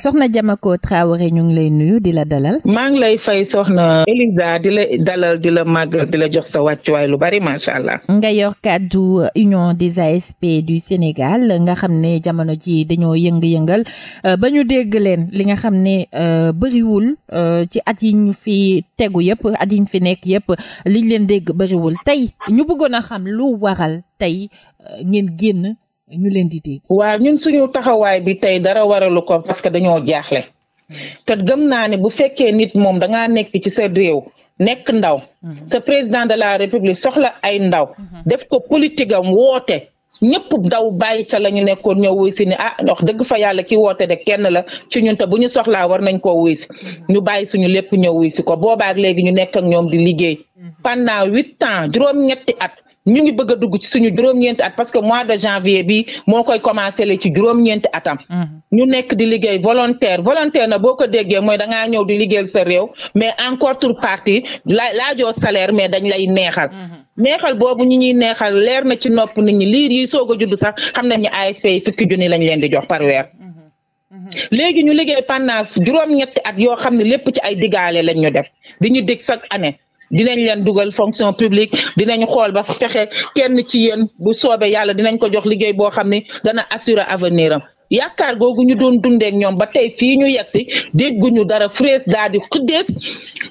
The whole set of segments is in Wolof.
soxna Diamako Traoré ñu ngi lay nuyu di la dalal. maa ngi lay fay soxna Elisa di la dalal di la màggal di la jox sa wàccuwaay lu bari macha allah. nga yor du union des ASP du Sénégal nga xam ne jamono ji dañoo yëng-yëngal euh, ba ñu dégg leen li nga xam ne euh, bëriwul euh, ci at yi ñu fi tegu yëpp at yi ñu fi nekk yëpp liñ leen dégg bëriwul tey ñu bëggoon a xam lu waral tey ngeen génn. ñu leen di dégg. ñun suñu taxawaay bi tey dara waralu ko parce que dañoo jaaxle hmm. te gëm naa ne bu fekkee nit moom dangaa nekk ci sa réew nekk ndaw hmm. sa président de la république soxla ay ndaw hmm. def ko politique am woote ñëpp daw bàyyi ca la ñu nekkoon ñoo wuy si ne ah wax dëgg fa yàlla ki woote de kenn la ci ñun te bu ñu soxlaa war nañ koo wuy si ñu bàyyi suñu lépp ñoo wuy si ko boobaak léegi ñu nekk ak ñoom di liggéey pendant huit ans juróom-ñetti at ñu ngi bëgg a dugg ci suñu juróom-ñeenti at parce que mois de janvier bi moo koy commencé le ci juróom-ñeenti atam. Mm-hmm. ñu nekk di liggéey volontaire volontaire na boo ko déggee mooy da ñëw di liggéeyal sa réew mais en contrepartie la laajoo salaire mais dañ lay neexal. Mm-hmm. neexal boobu ñu ñuy neexal leer na ci nopp nit ñi liir yi soog a judd sax xam nañ ñu ASP yi fukki junni lañ leen di jox par weer. Mm-hmm. léegi ñu liggéey pendant juróom-ñetti at yoo xam ne lépp ci ay digaale lañ ñu def di ñu dig chaque année. dinañ leen dugal fonction publique dinañ xool ba fexe kenn ci yéen bu soobee yàlla dinañ ko jox liggéey boo xam ne dana assurer avenir am yaakaar googu ñu doon dundeek ñoom ba tey fii ñu yegg si dégguñu dara frees daal di xuddees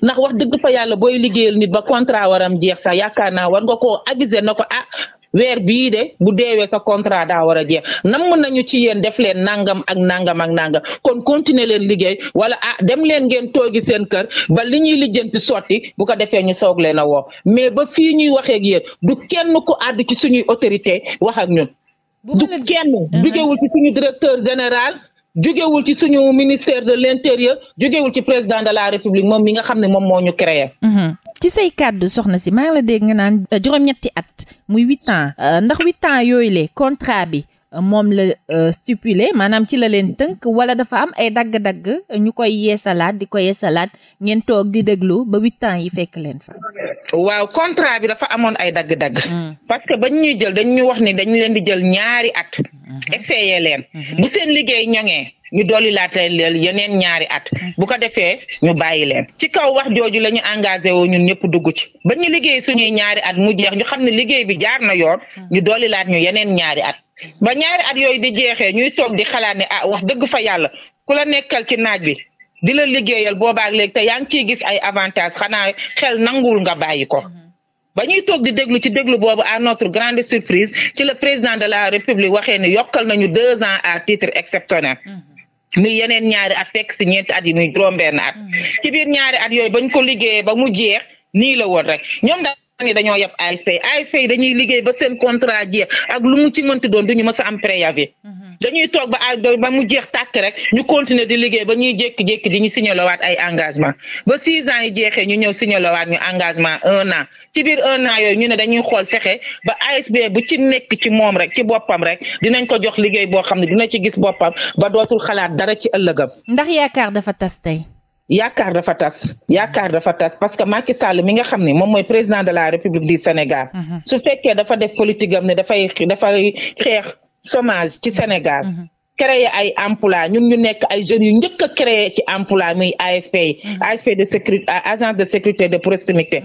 ndax wax dëgg fa yàlla booy liggéeyal nit ba contrat waram jeex sax yaakaar naa war nga ko aviser na ko ah weer bii de bu deewee sa contrat daa war a jeex namm nañu ci yéen def leen nangam ak nangam ak nangam kon continuer leen liggéey wala ah dem leen ngeen toogi seen kër ba li ñuy lijjanti sotti bu ko defee ñu soog leen a woo mais ba fii ñuy waxee ak du kenn ku àdd ci suñuy autorité wax ak ñun. du kenn uh-huh. jugewul ci suñu directeur général. jugewul ci suñu ministère de l'intérieur jugewul ci président de la république moom mi nga xam ne moom moo ñu créer uh-huh. ci say kàddu soxna si maa ngi la dégg nga naan eh, juróom-ñetti at muy huit ans eh, ndax huit ans yooyu le contrat bi moom la euh, stipulé maanaam ci la leen tënk wala dafa am ay dagg-dagg ñu koy yeesalaat di ko yeesalaat ngeen toog di déglu ba huit ans yi fekk leen fa. waaw contrat bi dafa amoon ay dagg-dagg. Hmm. parce que bañ ñuy jël dañu ñu wax ni dañ leen di jël ñaari at. Hmm. essayé leen. Hmm. bu seen liggéey ñoŋee. ñu dolli laata leen yeneen ñaari at bu ko defee ñu bàyyi leen ci kaw wax jooju la ñu engagé woo ñun ñëpp dugg ci ba ñu liggéey suñuy ñaari at mu jeex ñu xam ne liggéey bi jaar na yoon ñu dolli ñu yeneen ñaari at ba ñaari at yooyu di jeexee ñuy toog di xalaat ne ah wax dëgg fa yàlla ku la nekkal ci naaj bi di la liggéeyal boobaak léegi te yaa ngi ciy gis ay avantage xanaa xel nanguwul nga bàyyi ko mm-hmm. ba ñuy toog di déglu ci déglu boobu à notre grande surprise ci le président de la république waxee ni yokkal nañu deux ans à titre exceptionnel mm-hmm. muy yeneen ñaari at fekk si ñeenti at yi muy juróom-benn at mm-hmm. ci biir ñaari at yooyu bañ ko liggéeye ba mu jeex nii la woon rek ñoom daal ni dañoo yab ASC ASC yi dañuy liggéey ba seen contrat jeex ak lu mu ci mënti doon duñu mës a am préavis mhm. dañuy toog ba ba mu jeex tàkk rek ñu continuer di liggéey ba ñuy jékki-jékki di ñu signalowaat ay engagement ba six ans yi jeexee ñu ñëw signalowaat ñu engagement un an ci biir un an yooyu ñu ne dañuy xool fexe ba ASB bu ci nekk ci moom rek ci boppam rek dinañ ko jox liggéey boo xam ne dina ci gis boppam ba dootul xalaat dara ci ëllëgam ndax yaakaar dafa tas tey yaakaar dafa tas yaakaar dafa tas parce que Macky Sall mi nga xam ne moom mooy président de la République du Sénégal. Mhm. su fekkee dafa def politique am ne dafay dafay xeex chômage ci Sénégal. Mhm. créer ay emploi ñun ñu nekk ay jeunes yu njëkk créer ci emploi muy ASP yi mhm. ASP de sécurité agence de sécurité de proximité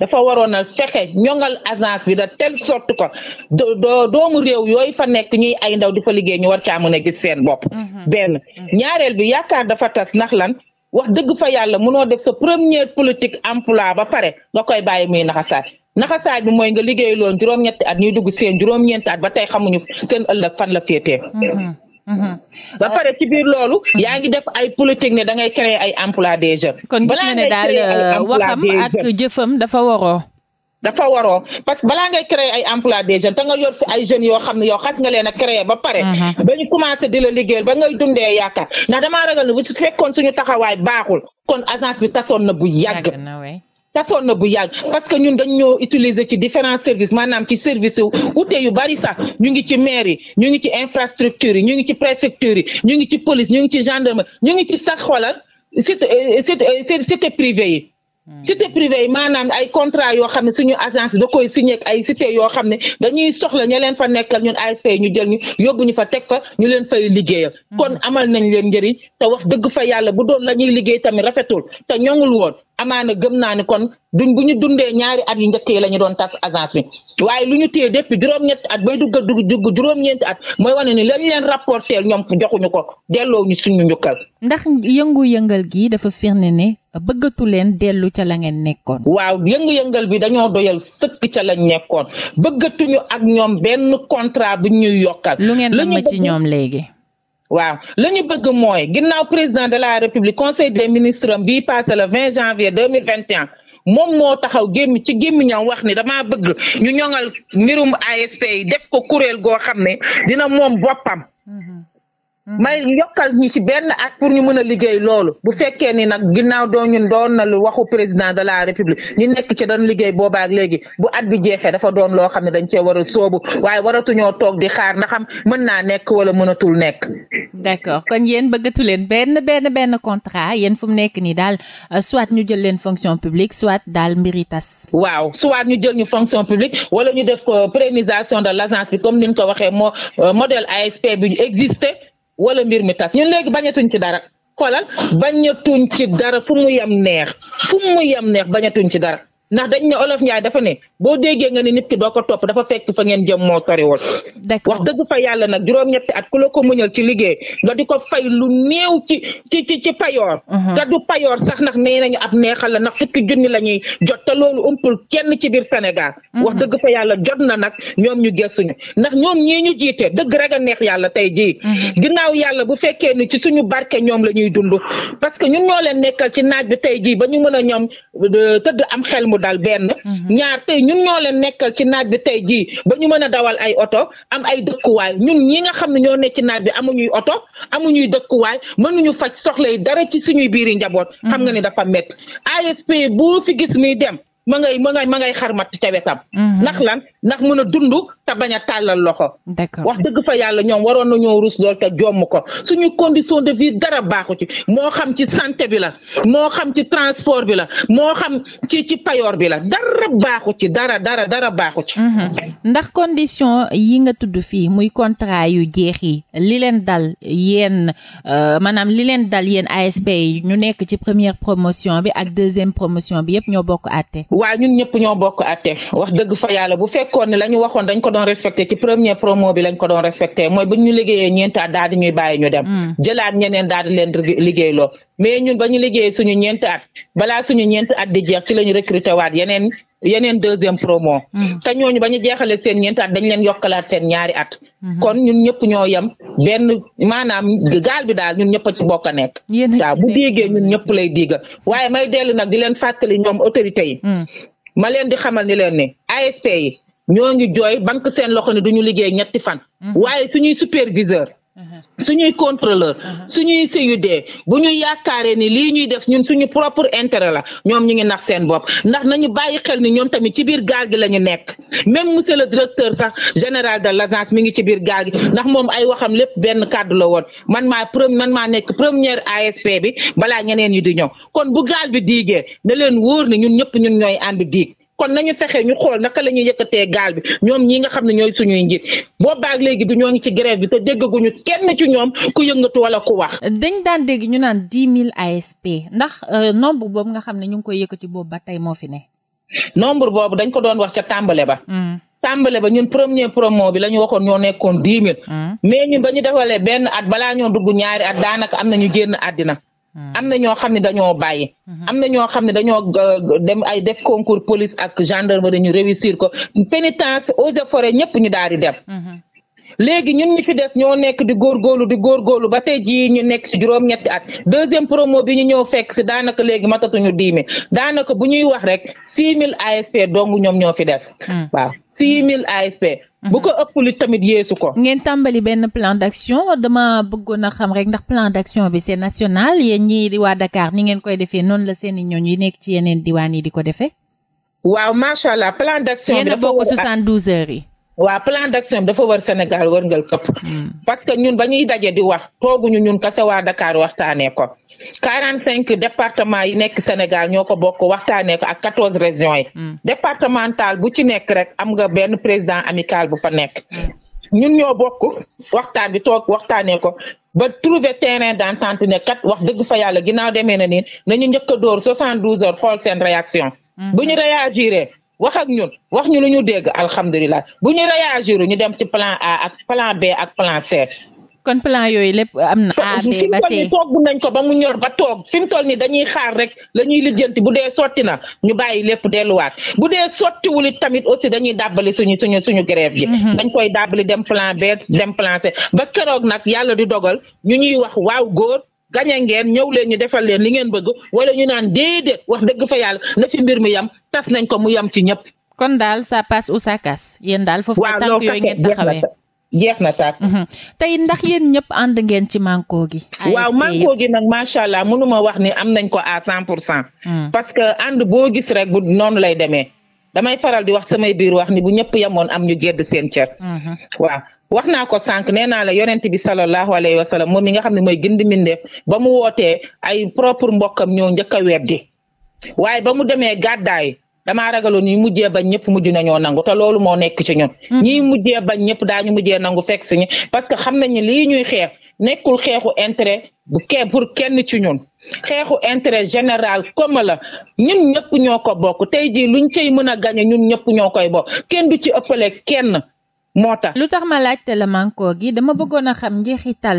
dafa waroon a fexe ñongal agence bi de telle sorte que doo doomu réew yooyu fa nekk ñuy ay ndaw di fa liggéey ñu war caa mën a gis seen bopp ñaareel bi yaakaar dafa tas ndax lan wax dëgg fa yàlla munoo def sa première politique emploi ba pare nga koy bàyyi muy naxasaay naxasaay bi mooy nga liggéey loon juróom-ñetti at ñuy dugg seen juróom-ñeenti ba tey xamuñu seen ëllëg fan la féetee. Mm-hmm. Mm-hmm. ba euh, pare ci biir loolu. yaa ngi def ay politique ne da ngay créer ay emploi des jeunes. kon gis nga ne daal euh, waxam ak jëfam dafa waroo. dafa waroo parce que bala ngay créer ay emploi des jeunes te nga yor fi ay jeunes yoo xam ne yow xas nga leen a créer ba pare ba mhm. ñu commencé di la liggéeyal ba ngay dundee yaakaar ndax damaa ragal ne bu su fekkoon suñu taxawaay baaxul kon agence bi tasoon na bu yàgg tasoon na bu yàgg parce que ñun dañ ñoo utiliser ci différents services maanaam ci service yu ute yu bari sax ñu ngi ci maire yi ñu ngi ci infrastructure yi ñu ngi ci préfecture yi ñu ngi ci police ñu ngi ci gendarmerie ñu ngi ci sax xoolal cité euh, euh, cité privé yi Mm. cité privée yi maanaam ay contrat yoo xam ne suñu agence bi da koy signé ak ay cité yoo xam ne dañuy soxla ña leen fa nekkal ñun ASP ñu ñu yóbbu ñu fa teg fa ñu leen fay liggéeyal mm. kon amal nañ leen njëriñ te wax dëgg fa yàlla bu doon la ñuy liggéey tamit rafetul te ñoŋul woon amaana gëm naa ne kon duñ bu ñu dundee ñaari at yi njëkk la ñu doon tas agence waaye lu ñu téye depuis juróom-ñetti at bay dugg dugg dugg juróom-ñeenti at mooy wane ni lañ leen rapporteel ñoom joxuñu ko delloo ñu suñu njukkal ndax yëngu-yëngal gi dafa firnde ne bëggatu leen dellu ca la ngeen nekkoon. waaw yëngu-yëngal bi dañoo doyal sëkk ca lañ nekkoon bëggatuñu ak ñoom benn contrat bu ñuy yokkal. lu ngeen am ci ñoom léegi. waaw la ñu bëgg mooy ginnaaw président de la république conseil des ministre bi passé le 20 janvier 2021 moom moo taxaw gémmi ci gémmiñam wax ni damaa bëgg ñu ñoŋal mbirum ASP yi def ko kuréel goo xam ne dina moom boppam. Mm-hmm. Mm-hmm. may yokkal ñi ci benn at pour ñu mën a liggéey loolu bu fekkee ni nag ginnaaw doo ñu doon na lu waxu président de la république ñu nekk ci doon liggéey boobaak léegi bu at bi jeexe dafa doon loo xam ne dañ cee war a sóobu waaye waratuñoo toog di xaar na xam mën naa nekk wala mënatul nekk. d'accord kon yéen bëggatu leen benn benn benn contrat yen fu mu nekk nii daal euh, soit ñu jël leen fonction publique soit daal mbiri tas. waaw soit ñu jël ñu fonction publique wala ñu def ko pérennisation de l'agence bi comme ni ñu ko waxee moo euh, wala mbir mi tas ñun léegi bañatuñ ci dara xoolal bañatuñ ci dara fu mu yem neex fu mu yem neex bañatuñ ci dara ndax dañ ne olof Ndiaye dafa ne boo déggee nga ne nit ki doo ko topp dafa fekk fa ngeen jëm moo soriwul. d'accord wax dëgg fa yàlla nag juróom-ñetti at ku la ko muñal ci liggéey nga di ko fay lu néew ci ci ci ci payoor. Mhm. te du payoor sax nag nee nañu ab neexal la ndax fukki junni la ñuy jot te loolu umpul kenn ci biir Sénégal. Mhm. wax dëgg fa yàlla jot na nag ñoom ñu gëstuñu ndax ñoom ñii ñu jiite dëgg rek a neex yàlla tey jii. Mhm. ginnaaw yàlla bu fekkee ni ci suñu barke ñoom la ñuy dund parce que ñun ñoo nekkal ci naaj bi tey jii ba ñu mën a ñoom tëdd am xel dal benn. Mhm. ñaar tey ñun ñoo leen nekkal ci naaj bi tey jii ba ñu mën a dawal ay oto am ay dëkkuwaay ñun ñi nga xam ne ñoo nekk ci naaj bi amuñuy oto amuñuy dëkkuwaay mënuñu faj soxla yi dara ci suñuy biiri njaboot. Mhm. xam nga ni dafa mett ASP bu fi gis muy dem. ma ngay ma ngay ma ngay xarmat ca wetam. Mhm. ndax ndax mën a dund te tàllal loxo. d'accord wax dëgg fa yàlla ñoom waroon nañoo rus lool ta jomm ko suñu condition de vie dara baaxu ci moo xam ci santé bi la moo xam ci transport bi la moo xam ci ci payoor bi la dara baaxu ci dara dara dara baaxu ci. Mhm. ndax condition yi nga tudd fii muy contrat yu jeex yi li leen dal yéen euh, maanaam li leen dal yéen ASP yi ñu nekk ci première promotion bi ak deuxième promotion bi yëpp ñoo bokk àtte. waaw ñun ñëpp ñoo bokk àtte wax dëgg fa yàlla bu fekk fekkoon ne la ñu waxoon dañ ko doon respecté ci premier promo bi lañ ko doon respecté mooy ba ñu liggéeyee ñeentaat daal di ñuy bàyyi ñu dem. Mm. jëlaat ñeneen daal di leen liggéey loo mais ñun ba ñu liggéeyee suñu ñeenti at balaa suñu ñeenti at di jeex ci la ñu recruté yeneen deuxième promo. Mm. te ñooñu ba ñu seen ñeenti at dañ leen yokkalaat seen ñaari at. Mm-hmm. kon ñu ñëpp ñoo yem benn maanaam gaal bi daal ñu ñëpp ci bokk a nekk. waaw bu déggee ñun ñëpp lay diiga waaye may dellu nag di leen fàttali ñoom autorité yi. Mm. yi ñoo ngi jooy banque seen loxo ne duñu liggéey ñetti fan mhm. waaye suñuy superviseur mhm. suñuy contrôleur mhm. suñuy CUD bu ñu yaakaaree ni lii ñuy def ñun suñu propre intérêt la ñoom ñu ngi nax seen bopp ndax nañu bàyyi xel ni ñoom tamit ci biir gaal gi la ñu nekk même monsieur le directeur sax général de l' mi ngi ci biir gaal gi ndax moom ay waxam lépp benn kàddu la woon man maa premier man maa nekk première ASP bi balaa ñeneen yi di ñëw kon bu gaal bi diigee ne leen wóor ni ñun ñëpp ñun ñooy ànd diig kon nañu fexe ñu xool naka la ñuy yëkkatee gaal bi ñoom ñi nga xam ne ñooy suñuy njiit boobaag léegi du ñoo ngi ci grève bi te déggaguñu kenn ci ñoom ku yëngatu wala ku wax. dañ daan dégg ñu naan dix mille ASP ndax euh, nombre boobu nga xam ne ñu ngi koy yëkkati boobu ba tey moo fi ne. nombre boobu dañ ko doon wax ca tàmbale ba. Mm. tàmbale ba ñun premier promo bi la ñu waxoon ñoo nekkoon dix mille. Mm. mais ñu ba ñu defalee benn at balaa ñoo dugg ñaari at daanaka am na ñu génn Hmm. am na ñoo xam ne dañoo bàyyi. Hmm. am na ñoo xam ne dañoo euh, dem ay def concours police ak gendarmerie ñu réussir ko pénitence eaux et forêt ñëpp ñu daal di dem. Hmm. léegi ñun ñu fi des ñoo nekk di góor góorlu di góor góorlu ba tey jii ñu nekk si juróom-ñetti at deuxième promo bi ñu ñëw fekk si daanaka léegi matatuñu diime daanaka bu ñuy wax rek six mille ASP dong ñoom ñoo fi des. waaw six mille ASP. bu ko ëpp li tamit yéesu ko. ngeen tàmbali benn plan d'action dama bëggoon a xam rek ndax plan d'action bi c'est national yéen ñii di waa dakaar ni ngeen koy defee noonu la seen i ñooñu yi nekk ci yeneen diwaan yi di ko defee. waaw macha allah plan d'action bi dafa bokk 72 yi. waa plan d'action dafa wër Sénégal wërngal këpp hmm. parce que ñun ba ñuy dajee di wax tooguñu ñun kase waa Dakar waxtaanee ko quarante cinq département yi nekk Sénégal ñoo ko bokk waxtaanee ko ak quatorze régions yi hmm. départemental bu ci nekk rek am nga benn président amical bu fa nekk hmm. ñun ñoo bokk waxtaan bi toog waxtaanee ko ba trouver terrain d'entente ne kat wax dëgg fa yàlla ginnaaw demee na nii nañu njëkk a dóor soixante douze heures xool seen réaction wax ak ñun wax ñu lu ñu dégg alhamdulilah bu ñu réagir ñu dem ci plan A ak plan B ak plan C. kon plan yooyu lépp am na. A B ba C fi nañ ko ba mu ñor ba toog fi mu toll nii dañuy xaar rek la ñuy lijjanti bu dee sotti na ñu bàyyi lépp delluwaat bu dee sottiwul it tamit aussi dañuy dàbbali suñu suñu suñu grève yi. Mm-hmm. dañ koy dàbbali dem plan B dem plan C ba keroog nag yàlla di dogal ñu ñuy wax waaw góor. gañe ngeen ñëw leen ñu defal leen li ngeen bëgg wala ñu naan déedéet wax dëgg fa yàlla na fi mbir mi yam tas nañ ko mu yam ci ñëpp. kon daal ça passe ou ça casse yéen daal foofu la tànk yooyu ngeen taxawee jeex na sax. Mhm. tey ndax yéen ñëpp ànd ngeen ci manko gi. waaw manko gi nag macha allah mënuma wax ni am nañ ko à cent pour cent. Hmm. parce que ànd boo gis rek bu noonu lay demee. damay faral di wax samay biir wax ni bu ñëpp yemoon am ñu jedd seen cër. Mhm. waaw wax naa ko sànq nee naa la yonent bi sallallahu alayhi wa sallam moom mi nga xam ne mooy gindi mbindeef ba mu wootee ay propre mbokkam ñoo njëkk a weddi waaye ba mu demee gàddaay dama ragaloon ñi mujjee bañ ñëpp mujj nañoo nangu te loolu moo nekk ci ñun. Mm-hmm. ñii mujjee bañ ñëpp daañu mujjee nangu fekk si ñu parce que xam na ne lii ñuy xeex nekkul xeexu intérêt bu ke pour kenn ci ñun. xeexu intérêt général comme la ñun ñëpp ñoo ko bokk tey jii lu luñ cey mën a gañe ñun ñëpp ñoo koy bokk kenn du ci ëpp ëppale kenn moo tax lu tax ma laajte la mànkoo gi dama bëggoon a xam njeexital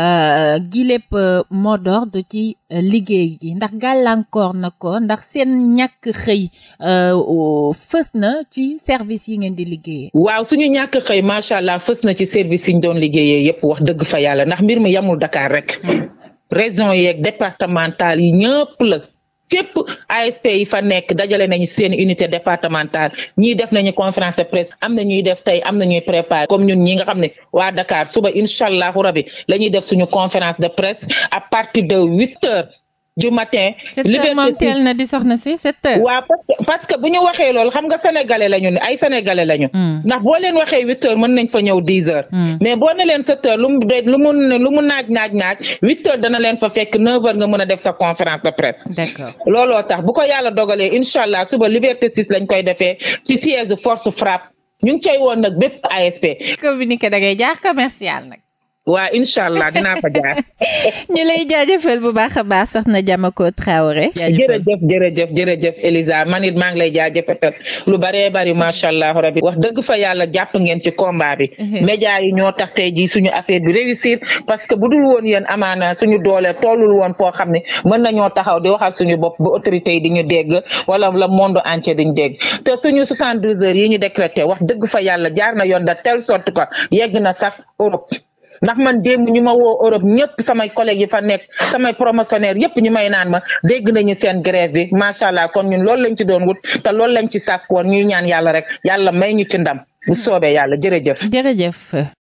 euh, gi lépp euh, mot d'ordre ci euh, liggéey gi ndax gàllankoor na ko ndax seen ñàkk xëy fës na ci service yi ngeen di liggéeyee. waaw suñu ñàkk xëy macha fës na ci service yi ñu doon liggéeyee yépp wax dëgg fa yàlla ndax mbir mi yamul Dakar rek. Hmm. région yeeg départemental yi ñëpp la. fépp ASP yi fa nekk dajale na seen unité départementale ñii def nañu conférence de presse am na ñuy def tey am na ñuy préparé comme ñun ñi nga xam ne waa Dakar suba incha allahu rabi la ñuy def suñu conférence de presse à partir de huit heures du matin. liberté moom teel na di soxna si sept heures. waaw parce que bu ñu waxee loolu xam nga sénégalais lañu ne ay sénégalais lañu. Hmm. ndax boo leen waxee huit mën nañ fa ñëw dix heures. Hmm. mais boo ne leen sept heures lu mu lu mu naaj naaj naaj huit heures dana leen fa fekk neuf heures nga mën a def sa conférence de presse. d'accord looloo tax bu ko yàlla dogalee incha allah suba liberté six lañ koy defee ci siège force frappe ñu ngi cay woon nag bépp ASP. communiqué da ngay jaar commercial nag. waa incha allah dinaa ko jaar. ñu lay jaajëfal bu baax a baax soxna Diamako Traoré. jërëjëf jërëjëf jërëjëf Elisa man it maa ngi lay jaajëfal lu bare bari macha allah rabi wax dëgg fa yàlla jàpp ngeen ci combat bi. Mhm. média yi ñoo tax tey jii suñu affaire bi réussir parce que bu dul woon yéen amaana suñu doole tolul woon foo xam ne mën nañoo taxaw di waxal suñu bopp ba autorité yi di ñu dégg wala la monde entier di ñu dégg te suñu 72 heures yi ñu décrété wax dëgg fa yàlla jaar na yoon de telle sorte que yegg na sax Europe. ndax man démb ñu ma woo Europe ñëpp samay collègues yi fa nekk samay promotionnaire yëpp ñu may naan ma dégg nañu seen grève bi macha allah kon ñun loolu lañ ci doon wut te loolu lañ ci sàkk woon ñuy ñaan yàlla rek yàlla may ñu ci ndam bu soobee yàlla jërëjëf jërëjëf